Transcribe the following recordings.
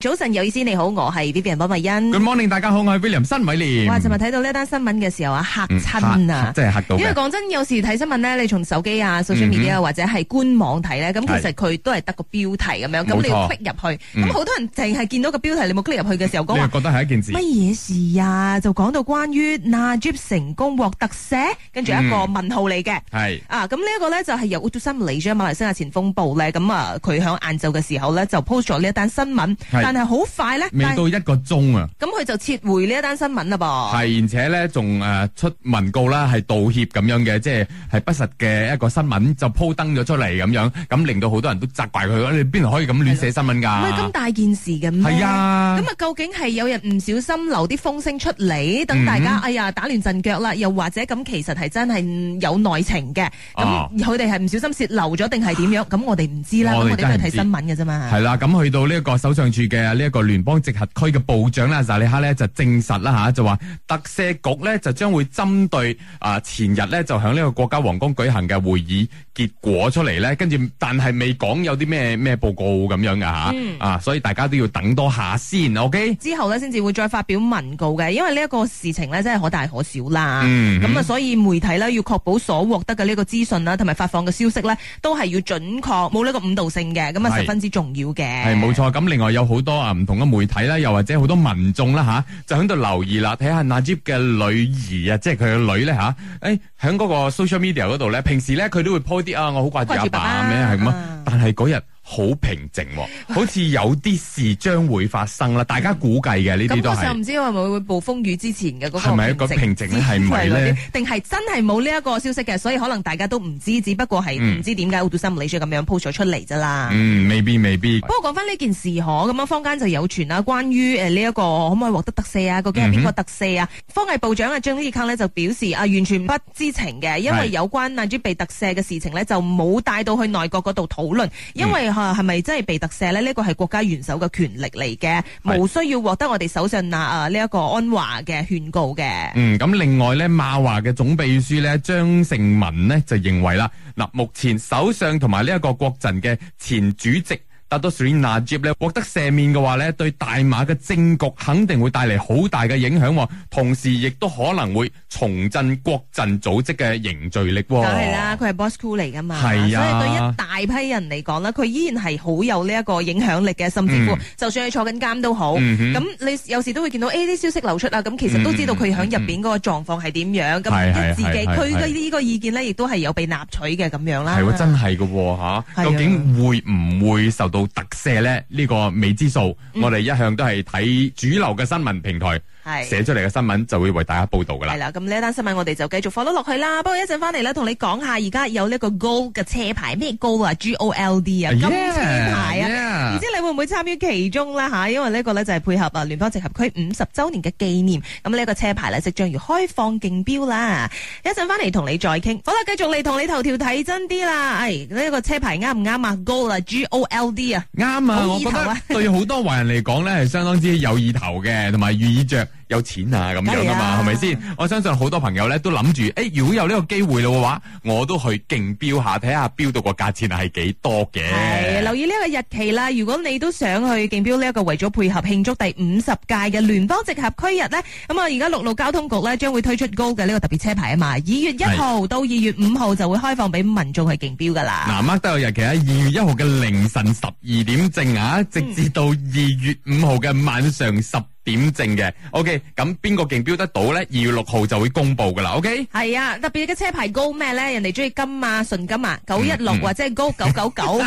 早晨，有意思，你好，我係 William 潘慧欣。Good morning，大家好，我係 William 申偉廉哇，尋日睇到呢單新聞嘅時候啊，嚇親啊，真係嚇到。因為講真，有時睇新聞呢，你從手機啊、社交媒體啊或者係官網睇呢，咁其實佢都係得個標題咁樣，咁你要 click 入去，咁好多人淨係見到個標題，你冇 click 入去嘅，嗯、時候講話覺得係一件事，乜嘢事啊？就講到關於 Najib 成功獲特赦，跟住一個問號嚟嘅。係、嗯、啊，咁呢一個呢就係由 Utusan 嚟馬來西亞前鋒報呢。咁啊，佢響晏晝嘅時候呢，就 post 咗呢一單新聞。但係好快咧，未到一個鐘啊！咁佢就撤回呢一單新聞啦噃。係，而且咧仲誒出文告啦，係道歉咁樣嘅，即係係不實嘅一個新聞就鋪登咗出嚟咁樣，咁令到好多人都責怪佢。你邊度可以咁亂寫新聞噶？唔係咁大件事嘅咩？係啊。咁啊，究竟係有人唔小心留啲風聲出嚟，等大家哎呀打亂陣腳啦？又或者咁，其實係真係有內情嘅？咁佢哋係唔小心泄漏咗定係點樣？咁我哋唔知啦。我哋都係睇新聞嘅啫嘛。係啦，咁去到呢個首相處嘅。誒，呢一個聯邦直轄區嘅部長啦，薩利哈咧就證實啦吓，就話特赦局咧就將會針對誒前日咧就響呢個國家皇宮舉行嘅會議結果出嚟咧，跟住但係未講有啲咩咩報告咁樣噶吓，啊、嗯，所以大家都要等多下先，O K。Okay? 之後呢，先至會再發表文告嘅，因為呢一個事情咧真係可大可小啦，咁啊、嗯哼，所以媒體呢，要確保所獲得嘅呢個資訊啦，同埋發放嘅消息咧，都係要準確，冇呢個誤導性嘅，咁啊十分之重要嘅。係冇錯，咁另外有好。多啊，唔同嘅媒體啦，又或者好多民眾啦吓，就喺度留意啦，睇下 Najib 嘅女兒啊，即係佢嘅女咧吓，誒、哎，喺嗰個 social media 嗰度咧，平時咧佢都會 po 啲啊，我好掛住阿爸咩係咁啊，但係嗰日，好平靜喎、啊，好似有啲事將會發生啦。大家估計嘅呢啲都係唔、嗯嗯嗯嗯嗯、知係咪會暴風雨之前嘅嗰、嗰個平靜，係唔係定係真係冇呢一個消息嘅，所以可能大家都唔知，只不過係唔知點解 Odo Smith 咁樣 post 咗出嚟啫啦。嗯，未必未必。不過講翻呢件事可咁樣，坊間就有傳啦，關於呢、誒、一個可唔可以獲得特赦啊？究竟係邊個特赦啊？科藝部長啊，張利康呢就表示啊，完全不知情嘅，因為有關阿朱被特赦嘅事情呢，就冇帶到去內閣嗰度討論，因為啊，係咪真係被特赦咧？呢個係國家元首嘅權力嚟嘅，是無需要獲得我哋首相啊，呢、這、一個安華嘅勸告嘅。嗯，咁另外咧，馬華嘅總秘書咧張盛聞呢就認為啦，嗱、啊，目前首相同埋呢一個國陣嘅前主席。得到納吉咧，獲得赦免嘅話咧，對大馬嘅政局肯定會帶嚟好大嘅影響，同時亦都可能會重振國陣組織嘅凝聚力。梗係啦，佢係 boss coup 嚟㗎嘛，啊、所以對一大批人嚟講啦，佢依然係好有呢一個影響力嘅，甚至乎就算係坐緊監都好。咁、嗯、你有時都會見到 A 啲、哎、消息流出啊，咁其實都知道佢喺入邊嗰個狀況係點樣。咁、嗯嗯嗯、自己佢嘅呢個意見咧，亦都係有被納取嘅咁、啊、樣啦。係、啊、真係嘅喎吓，究竟會唔會受到？特赦咧呢個未知數，嗯、我哋一向都係睇主流嘅新聞平台是寫出嚟嘅新聞，就會為大家報道噶啦。係啦，咁呢一單新聞我哋就繼續放咗落去啦。不過一陣翻嚟咧，同你講下而家有呢個 gold 嘅車牌咩 gold 啊，gold 啊，金、啊、Yeah, 車牌啊。Yeah. 唔知你會唔會參與其中啦？吓？因為呢個咧就係配合啊聯邦直轄區五十周年嘅紀念，咁、這、呢個車牌咧即將要開放競標啦。一陣翻嚟，同你再傾。好啦，繼續嚟同你頭條睇真啲啦。誒，呢個車牌啱唔啱啊？Gold，G O L D 啊，啱啊，e T、我覺得對好多華人嚟講咧係相當之有意頭嘅，同埋寓意着。有錢啊咁樣噶嘛，係咪先？吧我相信好多朋友咧都諗住，誒、欸，如果有呢個機會嘅話，我都去競標下，睇下標到個價錢係幾多嘅。係留意呢個日期啦，如果你都想去競標呢一個，為咗配合慶祝第五十屆嘅聯邦直轄區日呢，咁、嗯、啊，而家陸路交通局呢將會推出高嘅呢、這個特別車牌啊嘛。二月一號到二月五號就會開放俾民眾去競標噶啦。嗱，乜都有日期啊，二月一號嘅凌晨十二點正啊，嗯、直至到二月五號嘅晚上十。點證嘅，OK，咁邊個競標得到咧？二月六號就會公布噶啦，OK。係啊，特別嘅車牌高咩咧？人哋中意金啊，純金啊，九一六或者係高九九九，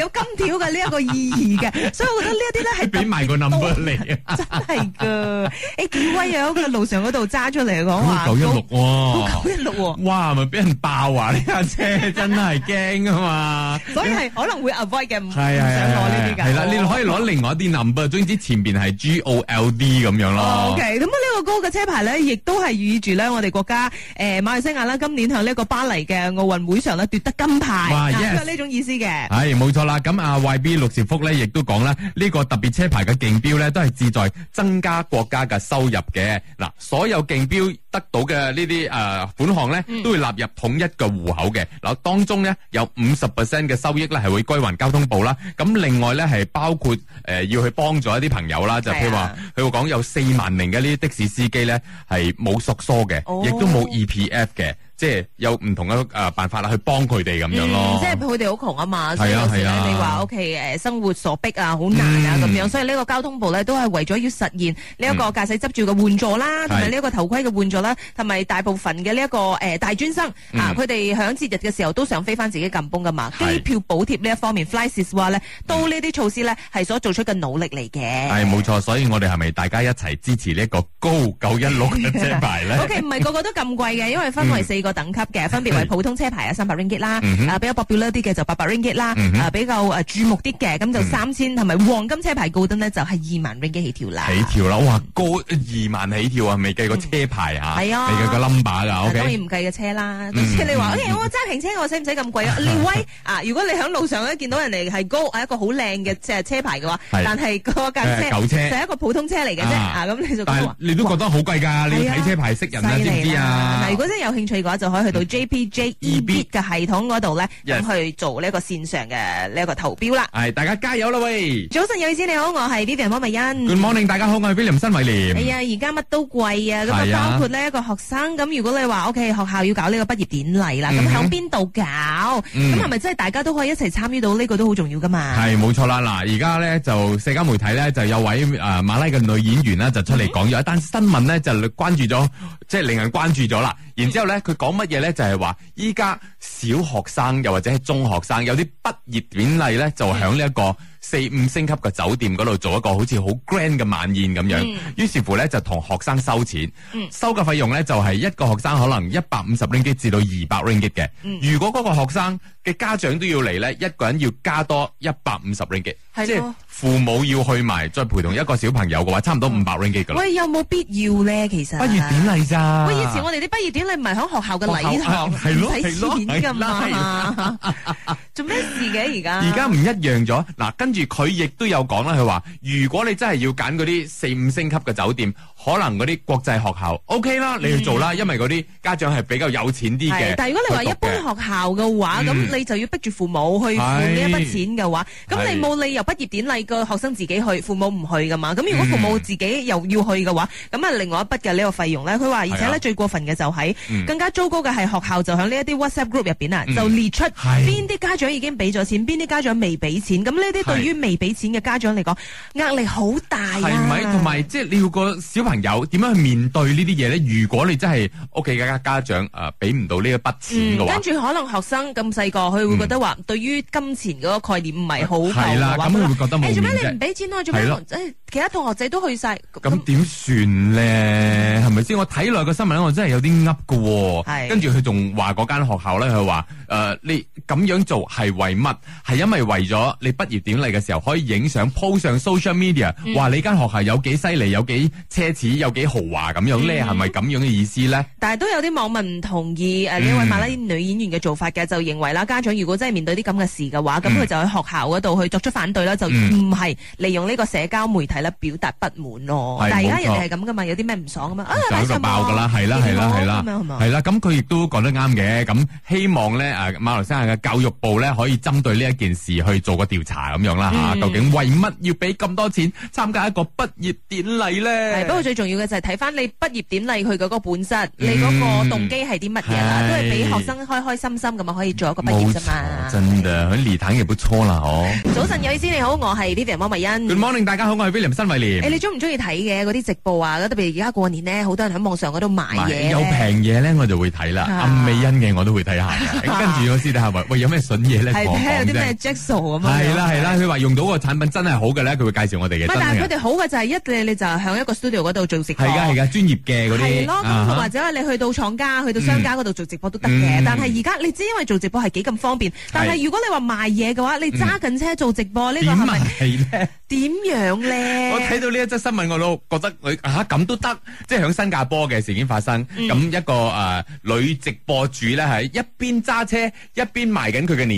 有金條嘅呢一個意義嘅，所以我覺得呢一啲咧係俾埋個 number 嚟嘅，真係噶，誒，幾威啊！佢喺路上嗰度揸出嚟講話九一六，九一六，哇，係咪俾人爆啊！呢架車真係驚噶嘛，所以係可能會 avoid 嘅，唔唔想攞呢啲噶，係啦，你可以攞另外一啲 number，總之前邊係。G O L D 咁樣咯，oh，OK，咁啊呢個高嘅車牌咧，亦都係寓意住咧我哋國家誒、呃、馬來西亞啦，今年喺呢個巴黎嘅奧運會上咧奪得金牌，都係呢種意思嘅。係冇錯啦，咁啊 Y B 陸兆福咧，亦都講啦，呢、這個特別車牌嘅競標咧，都係志在增加國家嘅收入嘅。嗱，啊，所有競標得到嘅、呃、呢啲誒款項咧，都會納入統一嘅戶口嘅。嗱，當中咧有五十 percent 嘅收益咧，係會歸還交通部啦。咁另外咧係包括誒、呃、要去幫助一啲朋友啦，就譬如話佢會講有四萬名嘅呢啲的士司機咧係冇 SOCSO 嘅，亦、oh、都冇 EPF 嘅。即係有唔同嘅啊辦法啦，去幫佢哋咁樣咯。即係佢哋好窮啊嘛，係啊，係啊，你話屋企誒生活所逼啊，好難啊咁樣，所以呢個交通部咧都係為咗要實現呢一個駕駛執照嘅援助啦，同埋呢一個頭盔嘅援助啦，同埋大部分嘅呢一個誒大專生啊，佢哋響節日嘅時候都想飛翻自己 kampung 噶嘛，機票補貼呢一方面，FlySis 話咧都呢啲措施咧係所做出嘅努力嚟嘅。係冇錯，所以我哋係咪大家一齊支持呢一個高九一六嘅車牌咧？OK，唔係個個都咁貴嘅，因為分為四個。個等級嘅，分別為普通車牌啊三百 ringgit 啦，啊比較 popular 啲嘅就八百 ringgit 啦，啊比較誒注目啲嘅咁就三千，同埋黃金車牌 golden 咧就係二萬 ringgit 起跳啦，起跳啦，哇高二萬起跳啊，未計個車牌吓，係啊，未計個 number 噶，當然唔計個車啦，車你話，哎呀我揸平車我使唔使咁貴啊？你威啊，如果你響路上咧見到人哋係 gold，係一個好靚嘅即係車牌嘅話，但係個架車就一個普通車嚟嘅啫，啊咁你就，但係你都覺得好貴噶，你睇車牌識人啊，啲啲啊，嗱如果真係有興趣嘅話。就可以去到 JPJEB 嘅系統嗰度咧，咁 Yes. 去做呢一個線上嘅呢一個投標啦。係，大家加油啦喂！早晨，有意思你好，我係 Vivian 方文欣。Good morning 大家好，我係 William 申偉廉。係、哎、啊，而家乜都貴啊，咁啊包括呢一個學生，咁如果你話 OK 學校要搞呢個畢業典禮啦，咁響邊度搞？咁係咪真係大家都可以一齊參與到呢個都好重要噶嘛？係冇錯啦，嗱而家咧就社交媒體咧就有位啊、呃、馬拉嘅女演員啦，就出嚟講咗一單新聞咧，就關注咗。即係令人關注咗啦，然之後咧，佢講乜嘢咧？就係話依家小學生又或者係中學生有啲畢業典禮咧，就喺呢一個四五星級嘅酒店嗰度做一個好似好 grand 嘅晚宴咁樣，於、嗯、是乎咧就同學生收錢，嗯、收嘅費用咧就係、是、一個學生可能一百五十 ringgit 至到二百 ringgit 嘅。嗯、如果嗰個學生嘅家長都要嚟咧，一個人要加多一百五十 ringgit，即係父母要去埋再陪同一個小朋友嘅話，差唔多五百 ringgit 咁。喂，有冇必要咧？其實畢業典禮咋？喂，以前我哋啲畢業典禮唔係喺學校嘅禮堂使錢噶嘛？ 做咩事嘅而家？而家唔一樣咗嗱，跟住佢亦都有講啦。佢話，如果你真係要揀嗰啲四五星級嘅酒店，可能嗰啲國際學校 OK 啦，你去做啦，嗯、因為嗰啲家長係比較有錢啲嘅。但係如果你話一般學校嘅話，咁、嗯、你就要逼住父母去付呢一筆錢嘅話，咁是你冇理由畢業典禮個學生自己去，父母唔去噶嘛？咁如果父母自己又要去嘅話，咁啊、嗯、另外一筆嘅呢個費用咧，佢話而且咧、啊、最過分嘅就係、是嗯、更加糟糕嘅係學校就喺呢一啲 WhatsApp group 入邊啊，嗯、就列出邊啲家長。已經俾咗錢，邊啲家長未俾錢？咁呢啲對於未俾錢嘅家長嚟講，是壓力好大啊。係咪？同埋即係你要個小朋友點樣去面對呢啲嘢咧？如果你真係屋企嘅家家長誒俾唔到呢一筆錢嘅話，跟住、嗯、可能學生咁細個，佢會覺得話，對於金錢嗰個概念唔係好夠。係啦、嗯，咁我會，會覺得唔好嘅。做咩你唔俾錢咯？做咩的、哎？其他同學仔都去晒。咁點算咧？係咪先？我睇兩個新聞咧，我真係有啲噏嘅。係的。跟住佢仲話嗰間學校咧，佢話誒，你咁樣做。係為乜？係因為為咗你畢業典禮嘅時候可以影相 po 上 social media，話你間學校有幾犀利，有幾奢侈，有幾豪華咁樣咧？係咪咁樣嘅意思咧？但係都有啲網民唔同意誒呢位馬拉啲女演員嘅做法嘅，就認為啦，家長如果真係面對啲咁嘅事嘅話，咁佢就喺學校嗰度去作出反對啦，就唔係利用呢個社交媒體咧表達不滿咯。係冇錯。但係而家人哋係咁噶嘛，有啲咩唔爽噶嘛？啊，擺上麥。冇錯噶啦，係啦，係啦，係啦，係啦，咁佢亦都講得啱嘅。咁希望咧，誒，馬來西亞嘅教育部咧。可以針對呢一件事去做個調查，咁樣啦，究竟為乜要俾咁多錢參加一個畢業典禮咧？不過最重要嘅就係睇翻你畢業典禮佢嗰個本質，你嗰個動機係啲乜嘢啦？都係俾學生開開心心咁樣可以做一個畢業啫嘛。真嘅，佢離坦亦都錯啦，嗬。早晨，有意思，你好，我係 Melody 汪美欣。Good morning，大家好，我係 William 申偉廉。誒，你中唔中意睇嘅嗰啲直播啊？特別而家過年咧，好多人喺網上嗰度買嘢有平嘢咧，我就會睇啦。阿美欣嘅我都會睇下，跟住我試睇下喂，有咩筍嘢？係睇有啲咩 j a k s o l 咁啊！係啦係啦，佢話用到個產品真係好嘅咧，佢會介紹我哋嘅。但係佢哋好嘅就係一你你就響一個 studio 嗰度做直播。係噶係噶，專業嘅嗰啲。係咯，同、啊、或者你去到廠家、去到商家嗰度做直播都得嘅。嗯、但係而家你知，因為做直播係幾咁方便。但係如果你話賣嘢嘅話，你揸緊車做直播個是是呢個唔係咩？點樣咧？我睇到呢一則新聞，我都覺得佢吓咁都得，即係響新加坡嘅事件發生。咁、嗯、一個誒、呃、女直播主咧，喺一邊揸車一邊賣緊佢嘅年。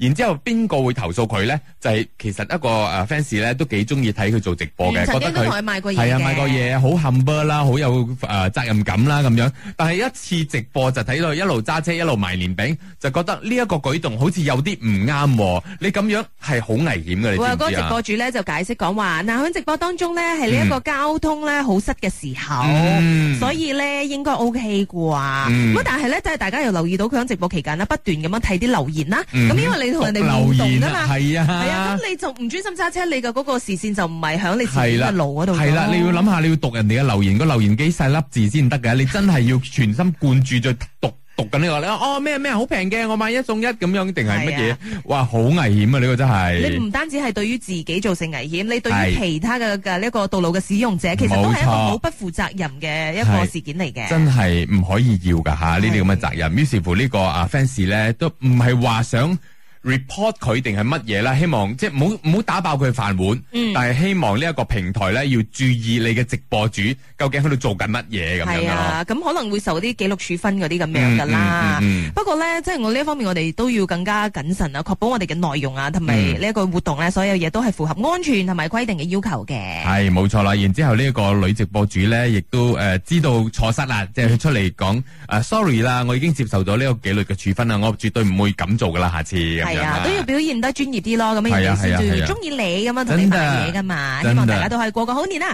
然之後邊個會投訴佢咧？就係、是、其實一個誒 fans 咧都幾中意睇佢做直播嘅，都曾得佢係啊買過嘢、啊，好冚唪唥，好有誒、呃、責任感啦咁樣。但係一次直播就睇到一路揸車一路賣年餅，就覺得呢一個舉動好似有啲唔啱喎。你咁樣係好危險嘅，你知唔知啊？嗰、哦那個直播主咧就解釋講話，嗱喺直播當中咧係呢一個交通咧好塞嘅時候，嗯、所以咧應該 OK 啩。咁、嗯、但係咧就係大家又留意到佢喺直播期間呢，不斷咁樣睇啲留言啦，咁、嗯、哼因為你。人留言係啊，係啊，係啊，咁你就唔專心揸車，你嘅嗰個視線就唔係響你自己嘅路嗰度。係啦、啊啊，你要諗下，你要讀人哋嘅留言，個留言機細粒字先得嘅。 你真係要全心貫注在讀 讀緊、這、呢個，你哦咩咩好平嘅，我買一送一咁樣，定係乜嘢？啊、哇，好危險啊！呢、這個真係你唔單止係對於自己造成危險，你對於其他嘅嘅呢個道路嘅使用者，是其實都係一個好不負責任嘅一個事件嚟嘅。真係唔可以要噶吓呢啲咁嘅責任。於是乎這個呢個啊 fans 咧都唔係話想。report 佢定係乜嘢啦？希望即係唔好唔好打爆佢飯碗，嗯、但係希望呢一個平台咧要注意你嘅直播主究竟喺度做緊乜嘢咁樣咯。咁可能會受啲紀律處分嗰啲咁樣噶啦。嗯嗯嗯嗯、不過咧，即係我呢一方面，我哋都要更加謹慎啊，確保我哋嘅內容啊，同埋呢一個活動咧，嗯、所有嘢都係符合安全同埋規定嘅要求嘅。係冇錯啦。然之後呢個女直播主咧，亦都誒、呃、知道錯失啦，即、就、係、是、佢出嚟講誒，Sorry 啦，我已經接受咗呢個紀律嘅處分啦，我絕對唔會咁做噶啦，下次。嗯係啊，啊都要表現得專業啲咯。咁樣人哋先至中意你咁樣同，啊啊啊、你買嘢噶嘛。的希望大家都可以過個好年啊！